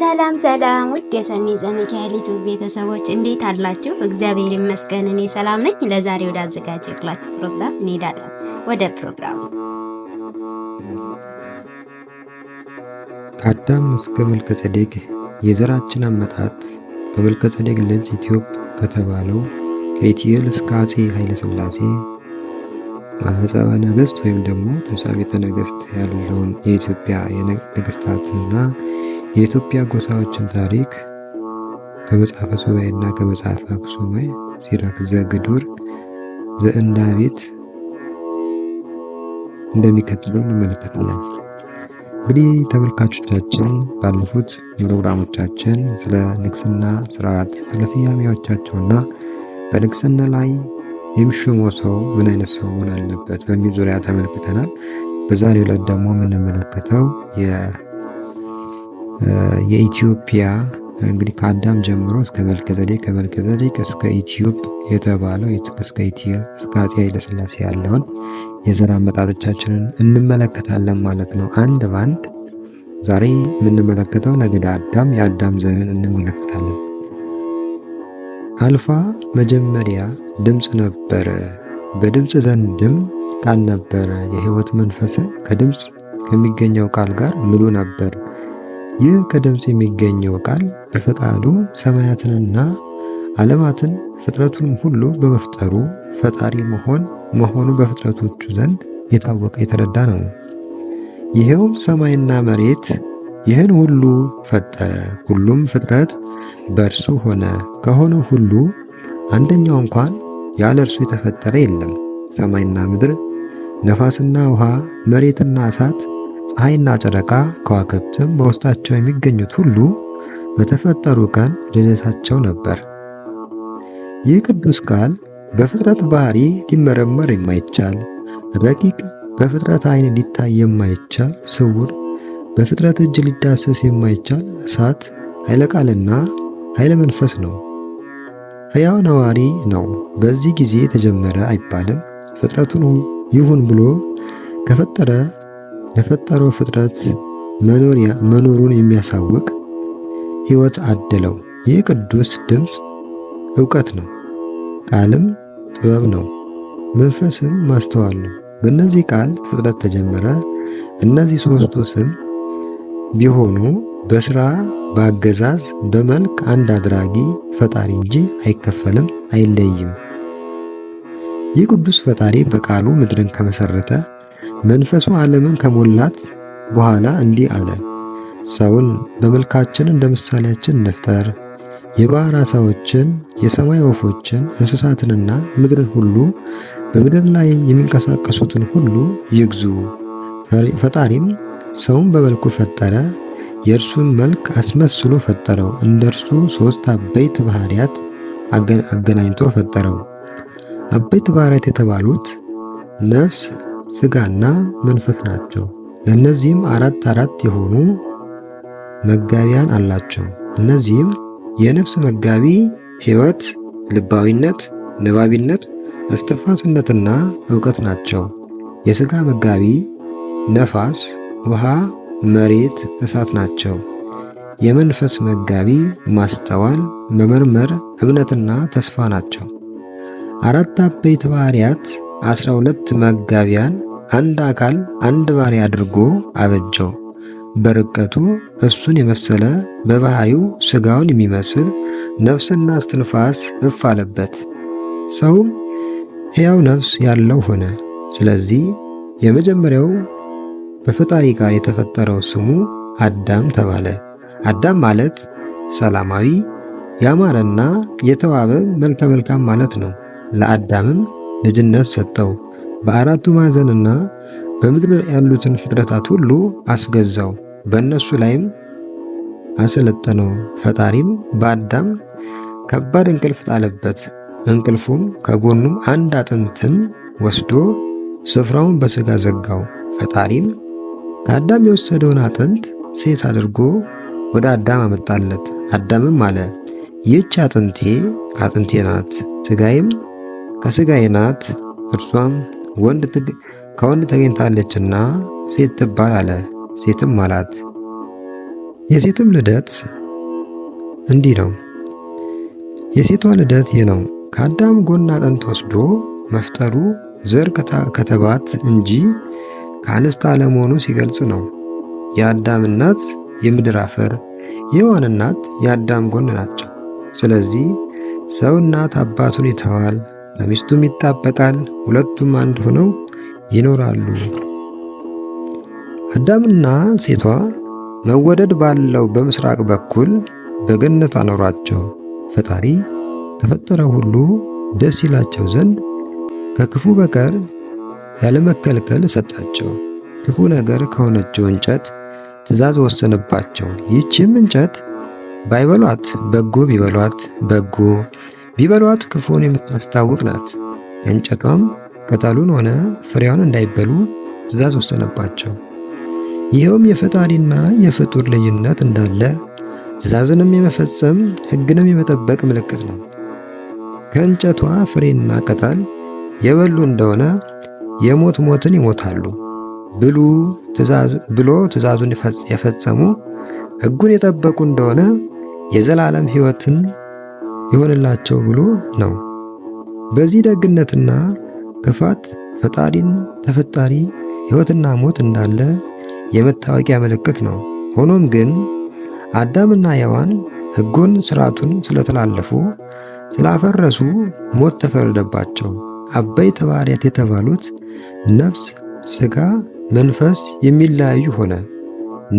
ሰላም ሰላም ውድ የሰኒ ዘመቻ ሊቱ ቤተሰቦች እንዴት አላችሁ? እግዚአብሔር ይመስገን እኔ ሰላም ነኝ። ለዛሬ ወደ አዘጋጀሁላችሁ ፕሮግራም እንሄዳለን። ወደ ፕሮግራሙ ከአዳም እስከ መልከጼዴቅ የዘራችን አመጣት በመልከጼዴቅ ልጅ ኢትዮጵ ከተባለው ከኢትዮል እስከ አጼ ኃይለሥላሴ ማህፀበ ነገሥት ወይም ደግሞ ተሳቤተ ነገሥት ያለውን የኢትዮጵያ ነገሥታትና የኢትዮጵያ ጎሳዎችን ታሪክ ከመጽሐፈ እና ከመጽሐፈ አክሱማይ ሲራክ ዘግዱር ቤት እንደሚከተለው እንመለከታለን። እንግዲህ ተመልካቾቻችን ባለፉት ፕሮግራሞቻችን ስለ ንግስና ስርዓት፣ ስለ ስያሜዎቻቸውና በንግስና ላይ የሚሾመው ሰው ምን አይነት ሰው መሆን አለበት በሚል ዙሪያ ተመልክተናል። በዛሬው ዕለት ደግሞ የምንመለከተው የኢትዮጵያ እንግዲህ ከአዳም ጀምሮ እስከ መልከዘዴ ከመልከዘዴቅ እስከ ኢትዮጵ የተባለው እስከ አፄ ኃይለሥላሴ ያለውን የዘር አመጣጦቻችንን እንመለከታለን ማለት ነው። አንድ ባንድ ዛሬ የምንመለከተው ነገደ አዳም የአዳም ዘርን እንመለከታለን። አልፋ መጀመሪያ ድምፅ ነበረ፣ በድምፅ ዘንድም ቃል ነበረ። የህይወት መንፈስ ከድምፅ ከሚገኘው ቃል ጋር ምሉ ነበር። ይህ ከድምፅ የሚገኘው ቃል በፈቃዱ ሰማያትንና ዓለማትን ፍጥረቱንም ሁሉ በመፍጠሩ ፈጣሪ መሆን መሆኑ በፍጥረቶቹ ዘንድ የታወቀ የተረዳ ነው። ይኸውም ሰማይና መሬት ይህን ሁሉ ፈጠረ። ሁሉም ፍጥረት በእርሱ ሆነ። ከሆነ ሁሉ አንደኛው እንኳን ያለ እርሱ የተፈጠረ የለም። ሰማይና ምድር፣ ነፋስና ውሃ፣ መሬትና እሳት ፀሐይና ጨረቃ ከዋክብትም በውስጣቸው የሚገኙት ሁሉ በተፈጠሩ ቀን ልደታቸው ነበር። ይህ ቅዱስ ቃል በፍጥረት ባህሪ ሊመረመር የማይቻል ረቂቅ፣ በፍጥረት ዓይን ሊታይ የማይቻል ስውር፣ በፍጥረት እጅ ሊዳሰስ የማይቻል እሳት ኃይለ ቃልና ኃይለ መንፈስ ነው። ሕያው ነዋሪ ነው። በዚህ ጊዜ ተጀመረ አይባልም። ፍጥረቱን ይሁን ብሎ ከፈጠረ ለፈጠረው ፍጥረት መኖሩን የሚያሳውቅ ሕይወት አደለው። ይህ ቅዱስ ድምፅ እውቀት ነው፣ ቃልም ጥበብ ነው፣ መንፈስም ማስተዋል ነው። በእነዚህ ቃል ፍጥረት ተጀመረ። እነዚህ ሦስቱ ስም ቢሆኑ በስራ በአገዛዝ በመልክ አንድ አድራጊ ፈጣሪ እንጂ አይከፈልም፣ አይለይም። ይህ ቅዱስ ፈጣሪ በቃሉ ምድርን ከመሰረተ። መንፈሱ ዓለምን ከሞላት በኋላ እንዲህ አለ፣ ሰውን በመልካችን እንደ ምሳሌያችን እንፍጠር። የባህር ዓሣዎችን፣ የሰማይ ወፎችን፣ እንስሳትንና ምድርን ሁሉ በምድር ላይ የሚንቀሳቀሱትን ሁሉ ይግዙ። ፈጣሪም ሰውን በመልኩ ፈጠረ፣ የእርሱን መልክ አስመስሎ ፈጠረው። እንደ እርሱ ሦስት አበይት ባሕርያት አገናኝቶ ፈጠረው። አበይት ባሕርያት የተባሉት ነፍስ ሥጋና መንፈስ ናቸው። ለእነዚህም አራት አራት የሆኑ መጋቢያን አላቸው። እነዚህም የነፍስ መጋቢ ሕይወት፣ ልባዊነት፣ ንባቢነት እስትንፋስነትና ዕውቀት ናቸው። የሥጋ መጋቢ ነፋስ፣ ውሃ፣ መሬት፣ እሳት ናቸው። የመንፈስ መጋቢ ማስተዋል፣ መመርመር፣ እምነትና ተስፋ ናቸው። አራት አበይት ባህርያት አስራ ሁለት መጋቢያን አንድ አካል አንድ ባህሪ አድርጎ አበጀው። በርቀቱ እሱን የመሰለ በባህሪው ስጋውን የሚመስል ነፍስና እስትንፋስ እፍ አለበት። ሰውም ሕያው ነፍስ ያለው ሆነ። ስለዚህ የመጀመሪያው በፈጣሪ ጋር የተፈጠረው ስሙ አዳም ተባለ። አዳም ማለት ሰላማዊ፣ ያማረና የተዋበ መልከ መልካም ማለት ነው። ለአዳምም ልጅነት ሰጠው። በአራቱ ማዕዘንና በምድር ያሉትን ፍጥረታት ሁሉ አስገዛው፣ በእነሱ ላይም አሰለጠነው። ፈጣሪም በአዳም ከባድ እንቅልፍ ጣለበት። እንቅልፉም ከጎኑም አንድ አጥንትን ወስዶ ስፍራውን በስጋ ዘጋው። ፈጣሪም ከአዳም የወሰደውን አጥንት ሴት አድርጎ ወደ አዳም አመጣለት። አዳምም አለ ይህች አጥንቴ ከአጥንቴ ናት፣ ሥጋዬም ከሥጋዬ ናት፣ እርሷም ከወንድ ተገኝታለችና ሴት ትባል አለ። ሴትም አላት። የሴትም ልደት እንዲህ ነው። የሴቷ ልደት ይህ ነው፣ ከአዳም ጎን አጥንት ወስዶ መፍጠሩ ዘር ከተባት እንጂ ከአንስት አለመሆኑ ሲገልጽ ነው። የአዳም እናት የምድር አፈር፣ የሔዋን እናት የአዳም ጎን ናቸው። ስለዚህ ሰው እናት አባቱን ይተዋል በሚስቱም ይጣበቃል፣ ሁለቱም አንድ ሆነው ይኖራሉ። አዳምና ሴቷ መወደድ ባለው በምስራቅ በኩል በገነት አኖሯቸው። ፈጣሪ ከፈጠረው ሁሉ ደስ ይላቸው ዘንድ ከክፉ በቀር ያለመከልከል ሰጣቸው። ክፉ ነገር ከሆነችው እንጨት ትእዛዝ ወሰነባቸው። ይህችም እንጨት ባይበሏት በጎ ቢበሏት በጎ ቢበሏት ክፉን የምታስታውቅ ናት። እንጨቷም ቅጠሉን ሆነ ፍሬዋን እንዳይበሉ ትእዛዝ ወሰነባቸው። ይኸውም የፈጣሪና የፍጡር ልዩነት እንዳለ ትእዛዝንም የመፈጸም ሕግንም የመጠበቅ ምልክት ነው። ከእንጨቷ ፍሬና ቅጠል የበሉ እንደሆነ የሞት ሞትን ይሞታሉ ብሉ ብሎ ትእዛዙን የፈጸሙ ሕጉን የጠበቁ እንደሆነ የዘላለም ሕይወትን ይሆንላቸው ብሎ ነው። በዚህ ደግነትና ክፋት ፈጣሪን ተፈጣሪ ሕይወትና ሞት እንዳለ የመታወቂያ ምልክት ነው። ሆኖም ግን አዳምና ሔዋን ሕጉን ስርዓቱን ስለተላለፉ ስላፈረሱ ሞት ተፈረደባቸው። አበይ ተባሪያት የተባሉት ነፍስ፣ ሥጋ፣ መንፈስ የሚለያዩ ሆነ።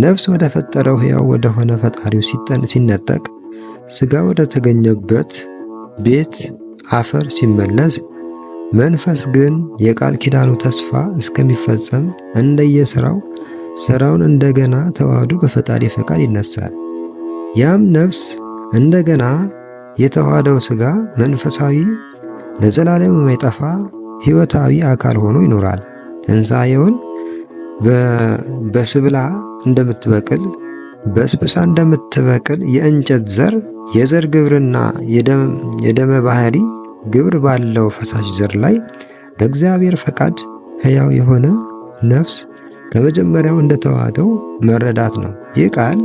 ነፍስ ወደ ፈጠረው ሕያው ወደ ሆነ ፈጣሪው ሲነጠቅ ሥጋ ወደ ተገኘበት ቤት አፈር ሲመለስ መንፈስ ግን የቃል ኪዳኑ ተስፋ እስከሚፈጸም እንደየሥራው ሥራውን እንደገና ተዋህዶ በፈጣሪ ፈቃድ ይነሳል። ያም ነፍስ እንደገና የተዋህደው ሥጋ መንፈሳዊ ለዘላለም የማይጠፋ ሕይወታዊ አካል ሆኖ ይኖራል። ትንሣኤውን በስብላ እንደምትበቅል በስብሳ እንደምትበቅል የእንጨት ዘር የዘር ግብርና የደመ ባህሪ ግብር ባለው ፈሳሽ ዘር ላይ በእግዚአብሔር ፈቃድ ሕያው የሆነ ነፍስ ከመጀመሪያው እንደተዋህደው መረዳት ነው። ይህ ቃል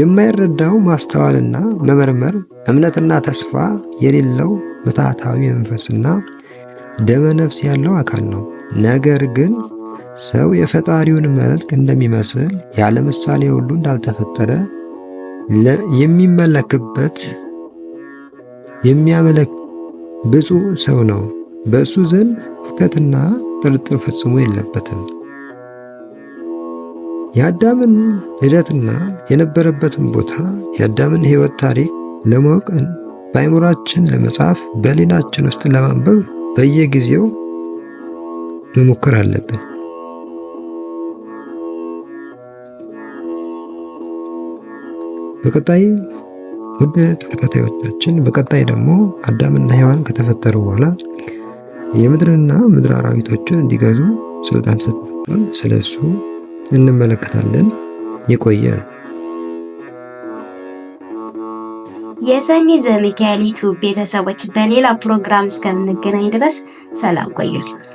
የማይረዳው ማስተዋልና መመርመር፣ እምነትና ተስፋ የሌለው ምትሃታዊ መንፈስና ደመ ነፍስ ያለው አካል ነው። ነገር ግን ሰው የፈጣሪውን መልክ እንደሚመስል ያለ ምሳሌ ሁሉ እንዳልተፈጠረ የሚመለክበት የሚያመለክ ብፁዕ ሰው ነው። በእሱ ዘንድ ሁከትና ጥርጥር ፈጽሞ የለበትም። የአዳምን ልደትና የነበረበትን ቦታ የአዳምን ሕይወት ታሪክ ለማወቅን በአይምሯችን ለመጻፍ በሌላችን ውስጥ ለማንበብ በየጊዜው መሞከር አለብን። በቀጣይ ውድ ተከታታዮቻችን በቀጣይ ደግሞ አዳምና ሔዋን ከተፈጠሩ በኋላ የምድርና ምድር አራዊቶችን እንዲገዙ ስልጣን ሰጥቷል። ስለ እሱ እንመለከታለን። ነው። የሰኒ ዘሚካኤል ዩቲዩብ ቤተሰቦች በሌላ ፕሮግራም እስከምንገናኝ ድረስ ሰላም ቆዩልኝ።